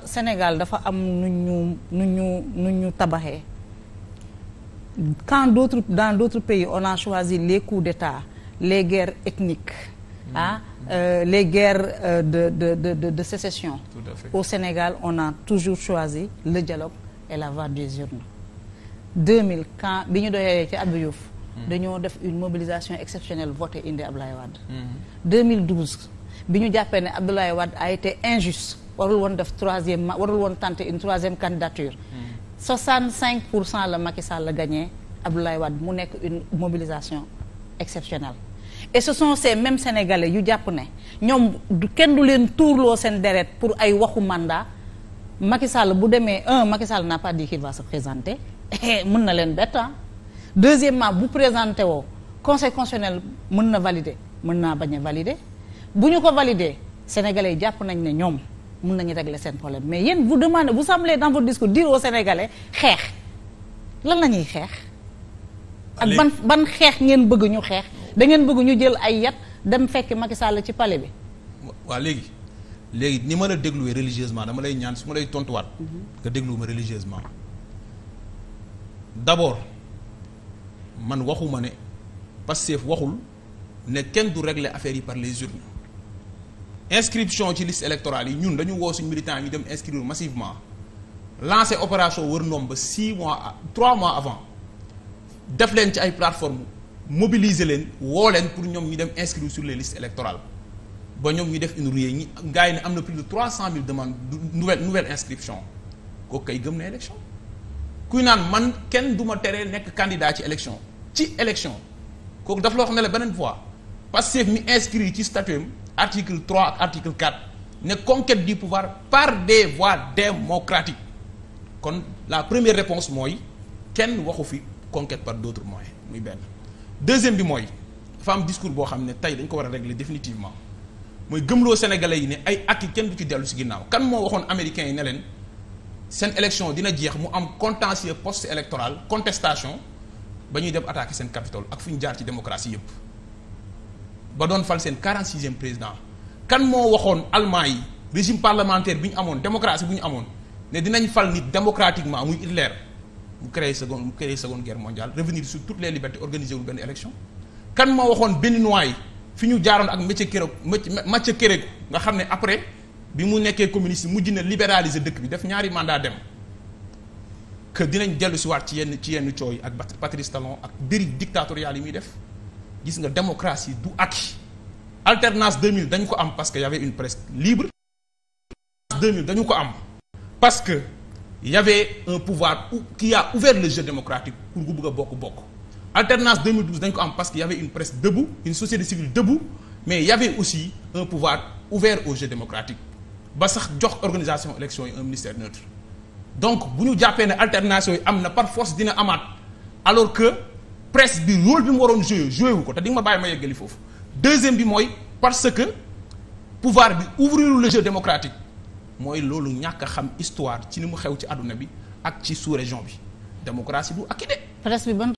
na Sénégal dafa am nu ñu nu ñu nu ñu tabaxee quand d'autres dans d'autres pays on a choisi les coups d'État les guerres ethniques ah euh, les guerres euh, de de de de, de sécession Tout à au Sénégal on a toujours choisi le dialogue et la voie des urnes 2000 quand bi ñu doyee ci Abdou mm-hmm. dañoo def une mobilisation exceptionnelle votée indi Abdoulaye Wade 2012 mm-hmm. bi ñu jàppee ne Abdoulaye Wade a été injuste warul woon def troisième warul woon tenter une troisième candidature. Hmm. cinq pour cent la Macky Sall la gagné Abdoulaye Wade mu nekk une mobilisation exceptionnelle. et ce sont ces mêmes sénégalais yu jàpp ne ñoom du kenn du leen tuurloo seen deret pour ay waxu mandat Macky Sall bu demee un Macky Sall n'a pas dit qu'il va se présenter mën na leen bett deuxièmement bu présenté woo conseil constitutionnel mën na valider mën naa bañ a valider bu ñu ko valider sénégalais yi jàpp nañ ne ñoom. mun nañu régler seen problème mais yéen bu demandez vous semblez dans votre discours dire aux Sénégalais xeex lan la xeex. ak ban ban xeex ngeen bëgg ñu xeex dangeen bëgg ñu jël ay yat dem fekk Macky Sall ci pale bi. waaw léegi léegi ni ma la dégluwee religieusement dama lay ñaan su ma lay tontuwaat. nga déglu ma religieusement. d'abord man waxuma ne Pastef waxul ne kenn du régler affaire yi par les urnes. inscription ci liste électorale yi ñun dañu woo suñu militant ñu dem inscrire massivement lancé opération wër ndoom ba six mois trois mois avant def leen ci ay plateforme mobiliser leen woo leen pour ñoom ñu dem inscrire sur les listes électorales ba ñoom ñu def une ruée ñi gars yi ne am na plus de trois cent mille demandes nouvelle nouvelle inscription kooku kay gëm na élection kuy naan man kenn du ma teree nekk candidat ci élection ci élection kooku daf loo xam ne la beneen fois Pastef mi inscrit ci article trois ak article 4 ne conquête du pouvoir par de voies démocratiques kon la première réponse mooy kenn waxu fi conquête par d'autres moyens muy benn deuxième bi mooy dafa am discours boo xam ne tey dañ ko war a régler définitivement mooy gëmloo sénégale yi ne ay acquis kenn du ci dellu si ginnaaw kan moo waxoon américains yi ne leen seen élection dina jeex mu am contentieux post électoral contestation ba ñuy dem attaquer seen capitole ak fu ñu jaar ci démocratie yëpp ba doon fal seen 46e président kan moo waxoon allemand yi régime parlementaire bi ñu amoon démocratie bu ñu amoon ne dinañ fal nit démocratiquement mu créé seconde mu créé seconde guerre mondiale revenir sur toutes les libertés organiser bu benn élection kan moo waxoon béninois yi fi ñu jaaroon ak Meccaquere Meccaquere nga xam ne après bi mu nekkee communiste mujj na libéraliser dëkk bi def ñaari mandat dem que dinañ dellu si waat ci yenn ci yenn cooy ak Patrice Talon ak bëri dictatorial yi muy def. gis nga démocratie du acquis alternance 2000 dañu ko am parce que y avait une libre. alternance dañu ko am parce que y avait un pouvoir qui a ouvert le jeu démocratique pour ku bëgg a bokk bokk. alternance 2012 dañu ko am parce que y un une presse un une société civile debout mais y aussi un pouvoir ouvert au jeu démocratique ba sax jox organisation élection yi un ministère neutre donc bu ñu jàppee ne alternation yi am na par force dina amaat alors que. presse bi rôle bi mu waroon joué joué ko te di ma bàyyi ma yeggali foofu deuxième bi mooy parce que pouvoir bi ouvrir le jeu démocratique mooy loolu ñàkk xam histoire ci li mu xew ci àdduna bi ak ci sous-région bi démocratie du akide presse bi ban